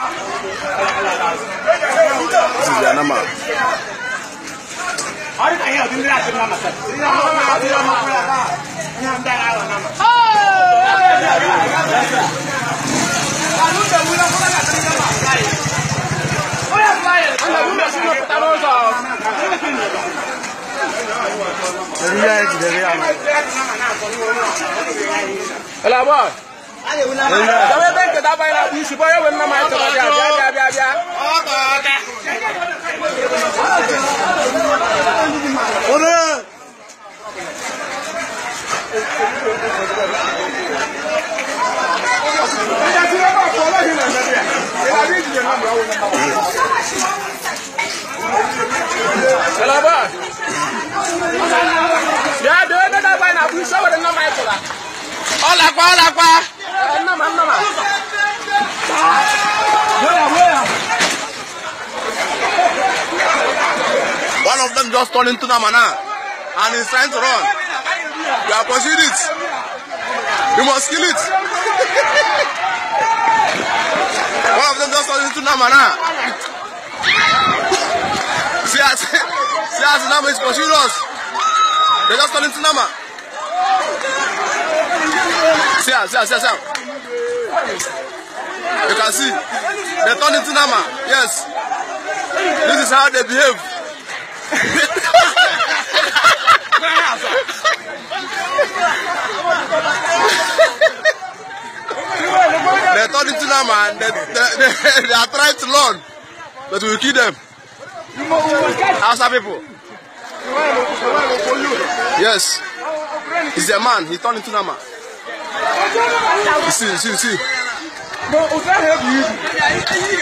Tijanama. Hari kaya din nila din naman sir. Jawe ben just turned into that And he's trying to run. You are pursuing it. You must kill it. One of them just turned into that now. See as see as Nama is pursuing us. They just turned into Nama. See ah, see ah, see ah, see You can see. They turned into Nama. Yes. This is how they behave. according into them, man, they, they, they, they are trying to learn, but we kill them. Hausa people. Yes. He's a man. He turned into a man. see, see, you see. No, help you.